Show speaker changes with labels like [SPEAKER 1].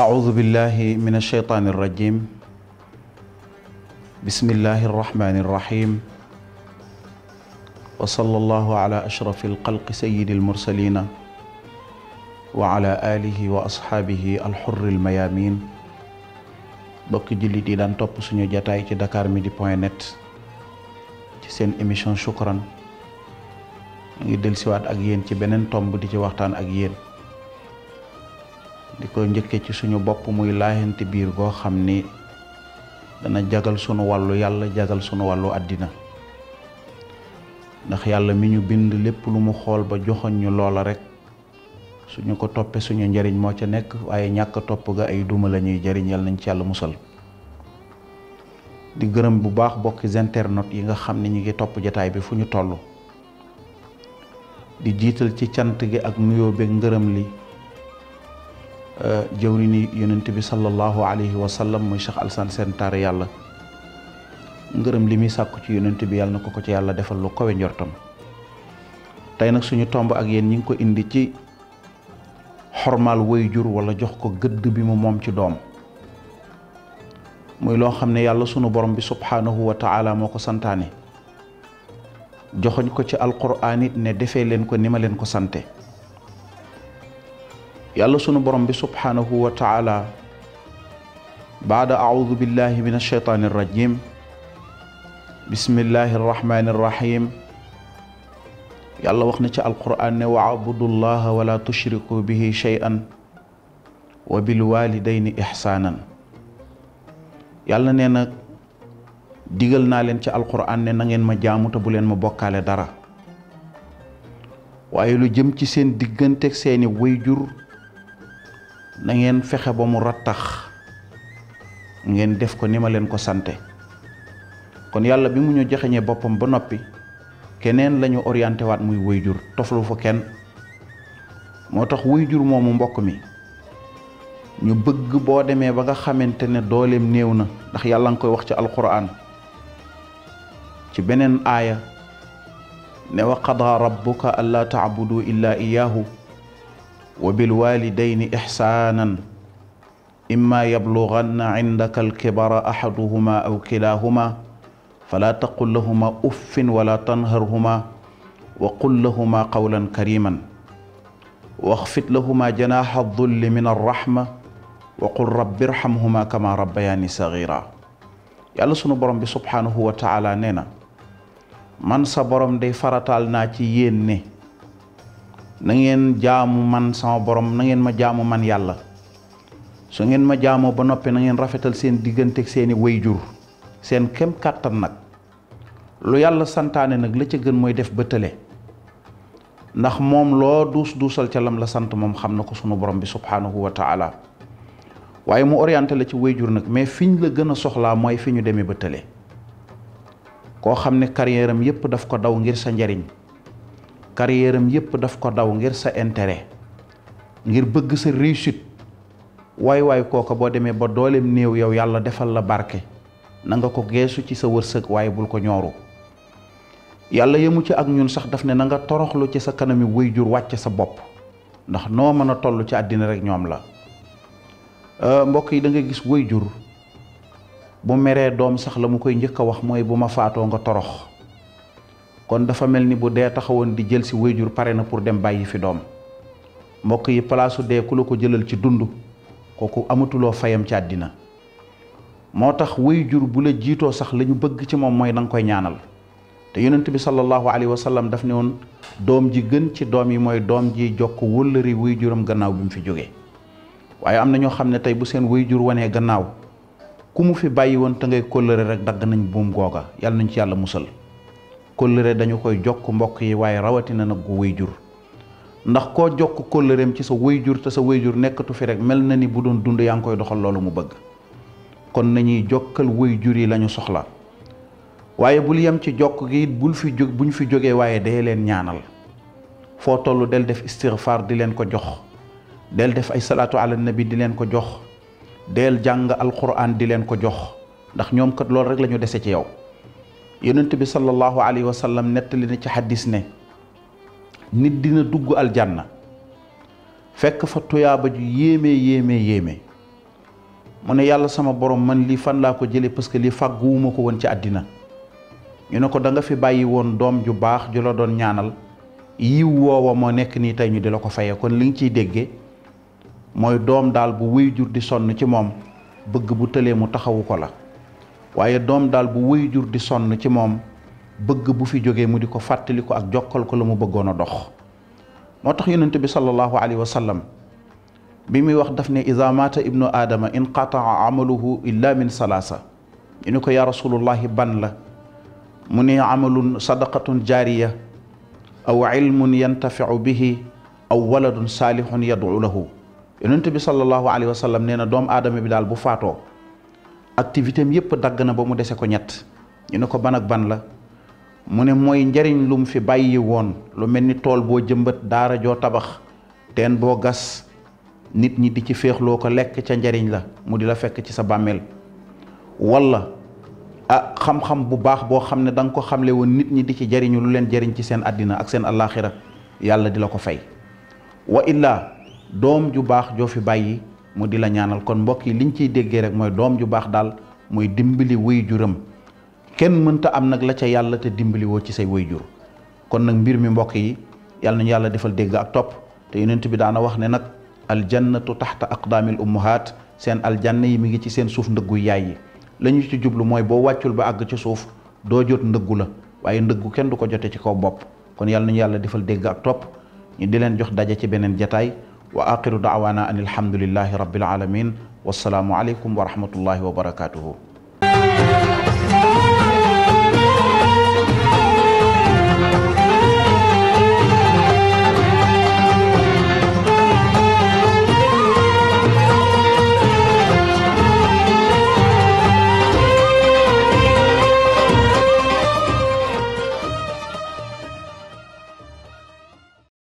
[SPEAKER 1] أعوذ بالله من الشيطان الرجيم بسم الله الرحمن الرحيم وصلى الله على أشرف القلق سيد المرسلين وعلى آله وأصحابه الحر الميامين bokki jullit yi daan topp suñu jataay ci dakar midi point net ci seen émission Shukran ngi dellusiwaat ak yéen ci beneen tomb di ci waxtaan ak yéen ko njëkkee ci suñu bopp muy laayante biir goo xam ni dana jagal sunu wàllu yàlla jagal sunu wàllu àddina ndax yàlla mi ñu bind lépp lu mu xool ba joxoñ ñu loola rekk suñu ko toppee suñu njariñ moo ca nekk ay ñàkk topp ga ay duma la ñuy jariñ yal nañ ci yàlla musal di gërëm bu baax bokki internautes yi nga xam ne ñu ngi topp jataay bi fu ñu toll di jiital ci cant gi ak nuyoo beeg ngërëm li jëwriñu yonent bi sallallahu alayhi wa sallam muy Cheikh Alassane Sène yàlla ngërëm li muy sàkku ci yonent bi yàlla na ko ko ci yàlla defal lu kawe njortam tey nag suñu tomb ak yéen ñi ngi ko indi ci xormaal waajur wala jox ko gëdd bi mu moom ci doom muy loo xam ne yàlla sunu borom bi subhaanahu wa taala moo ko santaane joxoñ ko ci alquraan it ne defee leen ko ni ma leen ko sante yàlla sunu borom bi subhaanahu wa taala baada audu billahi min alsheytaani irrajim bismillahi arrahmani irrahim yàlla wax na ci alquran ne waabudu llaha wala tushriku bihi cheyan wa bilwalidayni ixsaanan yàlla nee na digal naa leen ci alquran ne na ngeen ma jaamu bu leen ma bokkaale dara waaye lu jëm ci seen diggante seeni wayjur na ngeen fexe ba mu rattax ngeen def ko ni ma leen ko sante kon yàlla bi mu ñu jaxeñee boppam ba noppi keneen lañu orienté waat muy wuy jur toflu fa kenn moo tax wuy jur moomu mbokk mi ñu bëgg boo demee ba nga xamante ne dooleem néew na ndax yàlla nga koy wax ci alquran ci beneen aaya ne wa qadaa rabbuka allaa taabudu illaa iyaahu wa bilwalidayni ixsaanan imma yabluganna cindaka alkibara axaduhuma aw kilaahuma falaa taqul lahuma uffin wala tanharhuma wa qul lahuma qawlan kariman waxfid lahuma janaaxa dulli min arraxma wa qul rabbi irxamhuma kama rabbayaani sagira yàlla sunu borom bi subhaanahu wa taala nee na man sa borom day farataal naa ci yéen ne na ngeen jaamu man sama borom na ngeen ma jaamu man yàlla su ngeen ma jaamoo ba noppi na ngeen rafetal seen digganteeg seeni wayjur seen kem kàttan nag lu yàlla santaane nag la ca gën mooy def ba tële ndax moom loo duus duusal ca lam la sant moom xam na ko sunu borom bi subhaanahu wa taala waaye mu orienté la ci wayjur nag mais fiñ la gën a soxlaa mooy fi ñu demee ba tële koo xam ne carrière am yépp daf ko daw ngir sa njariñ carrière am yépp daf ko daw ngir sa intérêt ngir bëgg sa réussite waay waay kooka boo demee ba dooleem néew yow yàlla defal la barke na nga ko geesu ci sa wërsëg waaye bul ko ñooru yàlla yemu ci ak ñun sax daf ne na nga toroxlu ci sa kanami waajur wàcce sa bopp ndax noo mën a toll ci àddina rek ñoom la euh, mbokk yi dangay gis gis jur bu meree doom sax la mu koy njëkk a wax mooy bu ma faatoo nga torox kon dafa mel ni bu dee taxawoon di jël si wéyjur pare na pour dem bàyyi fi doom mbokk yi palaasu dee ku la ko jëlal ci dund kooku amatuloo fayam ci àddina moo tax wéyjur bu la jiitoo sax lañu bëgg ci moom mooy da koy ñaanal te yonent bi sallallahu alayhi wa sallam daf ne woon doom ji gën ci doom yi mooy doom ji jokk wëllëri wéyjuram gannaaw bi mu fi jógee waaye am na ñoo xam ne tey bu seen wéyjur wanee gannaaw ku mu fi bàyyi woon te ngay kóllëre rek dagg nañ buum googa yàlla nañ ci yàlla musal kóllëre dañu koy jokk mbokk yi waaye rawatina nag gu wéy jur ndax koo jokk kóllëreem ci sa wéy jur te sa wéy jur nekkatu fi rek mel na ni bu doon dund yaa ngi koy doxal loolu mu bëgg kon nañuy jokkal wéy jur yi lañu soxla waaye bul yem ci jokk gi bul fi jóg buñ fi jógee waaye dee leen ñaanal foo toll del def istigfaar di leen ko jox del def ay salaatu ala bi di leen ko jox del jàng alquran di leen ko jox ndax ñoom kat loolu rek la ñu dese ci yow yonent bi sallallahu alayhi wa sallam nettali na ci xaddis ne nit dina dugg aljanna fekk fa tuyaaba ju yéeme yéeme yéeme mu ne yàlla sama borom man lii fan laa ko jëlee parce que lii fàgguwuma ko woon ci àddina ñu ne ko danga fi bàyyi woon doom ju baax ju la doon ñaanal yiw woowa moo nekk nii tey ñu di la ko fayee kon li nga ciy déggee mooy doom daal bu wéy jur di sonn ci moom bëgg bu tëlee mu taxawu ko la waaye doom daal bu wëy jur di sonn ci moom bëgg bu fi jógee mu di ko fàttali ak jokkal ko la mu bëggoon a dox moo tax yonent bi sallallahu alayhi wa sallam bi muy wax daf ne ida maata ibnu aadama inqataa amaluhu illa min salaasa ñu ni ko yaa rasulullahi ban la mu ni amalun sadaqatun jaariya aw ilmun yantafiu bihi aw waladun saalihun yad'u lahu yonent bi sallallahu alayhi wa nee na doomu aadama bi daal bu faatoo activité am yëpp dagg na ba mu dese ko ñett ñu ne ko ban ak ban la mu ne mooy njariñ lu mu fi bàyyi woon lu mel ni tool boo jëmbat daara joo tabax teen boo gas nit ñi di ci féexloo ko lekk ca njariñ la mu di la fekk ci sa bàmmeel wala a xam-xam bu baax boo xam ne danga ko xamle woon nit ñi di ci jariñu lu leen jariñ ci seen àddina ak seen allaaxira yàlla di la ko fay wa illaa doom ju baax joo fi bàyyi mu di la ñaanal kon mbokk yi liñ ciy déggee rek mooy doom ju baax daal mooy dimbali way juram kenn mënta am nag la ca yàlla te dimbaliwoo ci say way jur kon nag mbir mi mbokk yi yàlla nañu yàlla defal dégg ak topp te yonent bi daana wax ne nag aljannatu taxta aqdaamil ummahaat seen aljanna yi mi ngi ci seen suuf ndëggu yaay yi lañu ñu ci jublu mooy boo wàccul ba àgg ci suuf doo jot ndëggu la waaye ndëggu kenn du ko jote ci kaw bopp kon yàlla nañu yàlla defal dégg topp ñu di leen jox daje ci beneen jataay wa aqiru daawana an alhamdulillahi rabbil alamin wassalaamu aleykum wa rahmatullahi wa barakatuhu